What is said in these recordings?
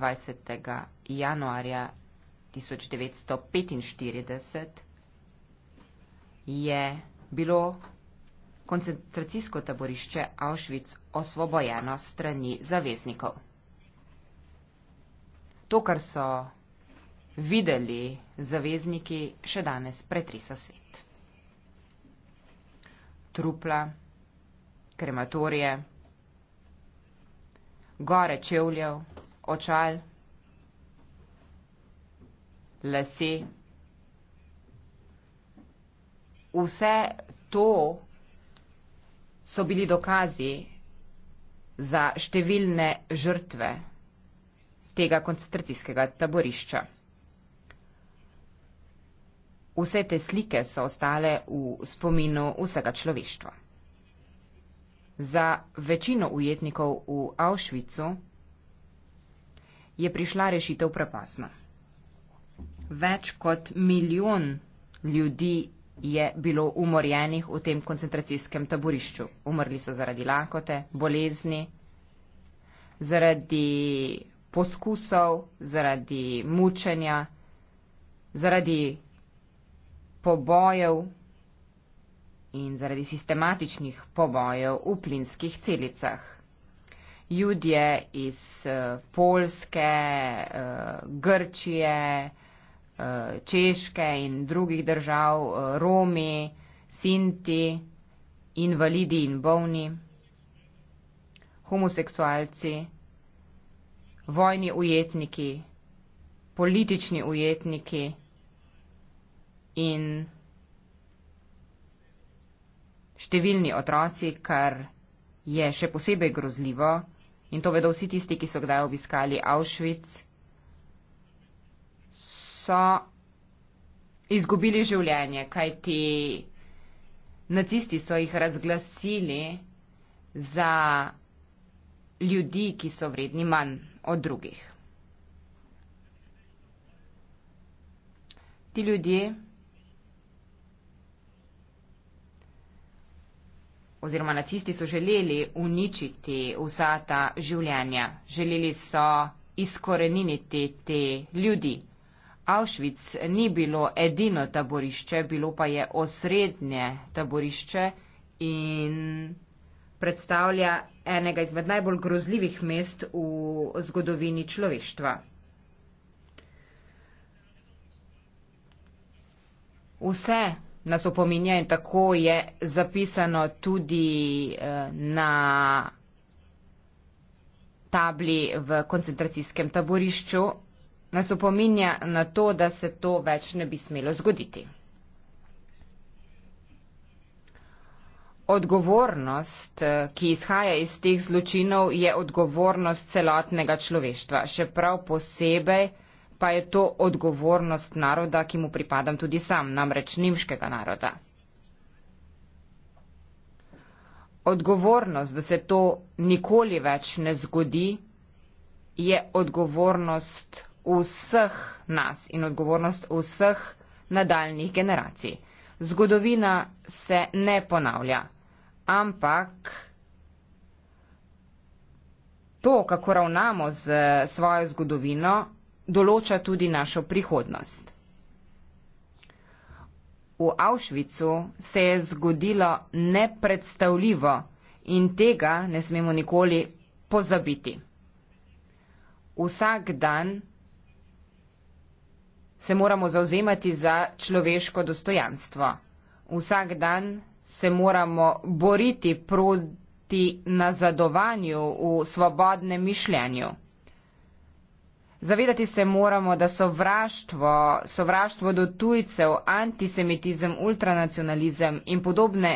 20. januarja 1945 je bilo koncentracijsko taborišče Auschwitz osvobojeno strani zaveznikov. To, kar so videli zavezniki, še danes pretrisa svet. Trupla, krematorije, gore čevljev, očal, lase. Vse to so bili dokazi za številne žrtve tega koncentracijskega taborišča. Vse te slike so ostale v spominu vsega človeštva. Za večino ujetnikov v Auschwitzu je prišla rešitev prepasna. Več kot milijon ljudi je bilo umorjenih v tem koncentracijskem taborišču. Umrli so zaradi lakote, bolezni, zaradi poskusov, zaradi mučenja, zaradi pobojev in zaradi sistematičnih pobojev v plinskih celicah ljudje iz eh, Polske, eh, Grčije, eh, Češke in drugih držav, Romi, Sinti, invalidi in bolni, homoseksualci, vojni ujetniki, politični ujetniki in številni otroci, kar je še posebej grozljivo, In to vedo vsi tisti, ki so kdaj obiskali Auschwitz, so izgubili življenje, kajti nacisti so jih razglasili za ljudi, ki so vredni manj od drugih. Ti ljudje oziroma nacisti so želeli uničiti vsa ta življenja. Želeli so izkoreniniti te ljudi. Auschwitz ni bilo edino taborišče, bilo pa je osrednje taborišče in predstavlja enega izmed najbolj grozljivih mest v zgodovini človeštva. Vse nas opominja in tako je zapisano tudi eh, na tabli v koncentracijskem taborišču, nas opominja na to, da se to več ne bi smelo zgoditi. Odgovornost, eh, ki izhaja iz teh zločinov, je odgovornost celotnega človeštva, še prav posebej pa je to odgovornost naroda, ki mu pripadam tudi sam, namreč nemškega naroda. Odgovornost, da se to nikoli več ne zgodi, je odgovornost vseh nas in odgovornost vseh nadaljnih generacij. Zgodovina se ne ponavlja, ampak to, kako ravnamo z svojo zgodovino, določa tudi našo prihodnost. V Avšvicu se je zgodilo nepredstavljivo in tega ne smemo nikoli pozabiti. Vsak dan se moramo zauzemati za človeško dostojanstvo. Vsak dan se moramo boriti proti nazadovanju v svobodnem mišljenju. Zavedati se moramo, da sovraštvo, sovraštvo do tujcev, antisemitizem, ultranacionalizem in podobne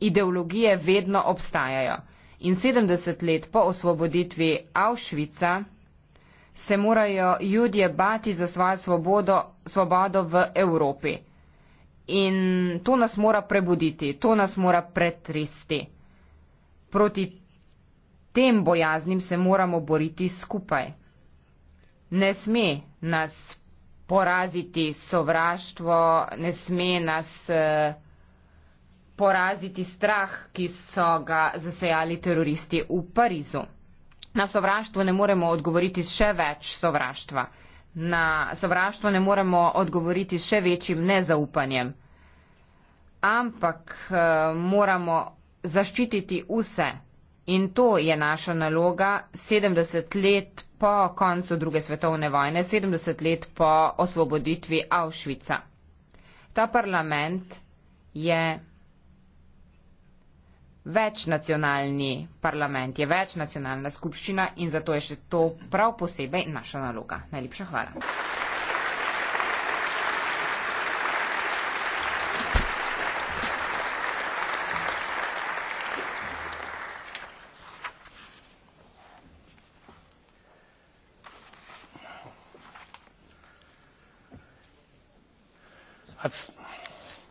ideologije vedno obstajajo. In 70 let po osvoboditvi Avšvica se morajo ljudje bati za svojo svobodo, svobodo v Evropi. In to nas mora prebuditi, to nas mora pretresti. Proti tem bojaznim se moramo boriti skupaj ne sme nas poraziti sovraštvo, ne sme nas eh, poraziti strah, ki so ga zasejali teroristi v Parizu. Na sovraštvo ne moremo odgovoriti še več sovraštva. Na sovraštvo ne moremo odgovoriti še večjim nezaupanjem. Ampak eh, moramo zaščititi vse. In to je naša naloga 70 let po koncu druge svetovne vojne, 70 let po osvoboditvi Auschwitza. Ta parlament je večnacionalni parlament, je večnacionalna skupščina in zato je še to prav posebej naša naloga. Najlepša hvala.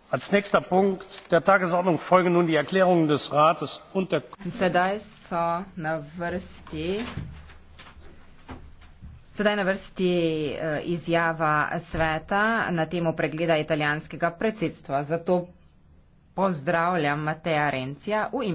als nächster punkt der tagesordnung folgen nun die erklärungen des rates und der sedaj na vrsti eh, izjava sveta na temo pregleda italijanskega predsedstva zato pozdravljam matteja renzija v imenu komisije.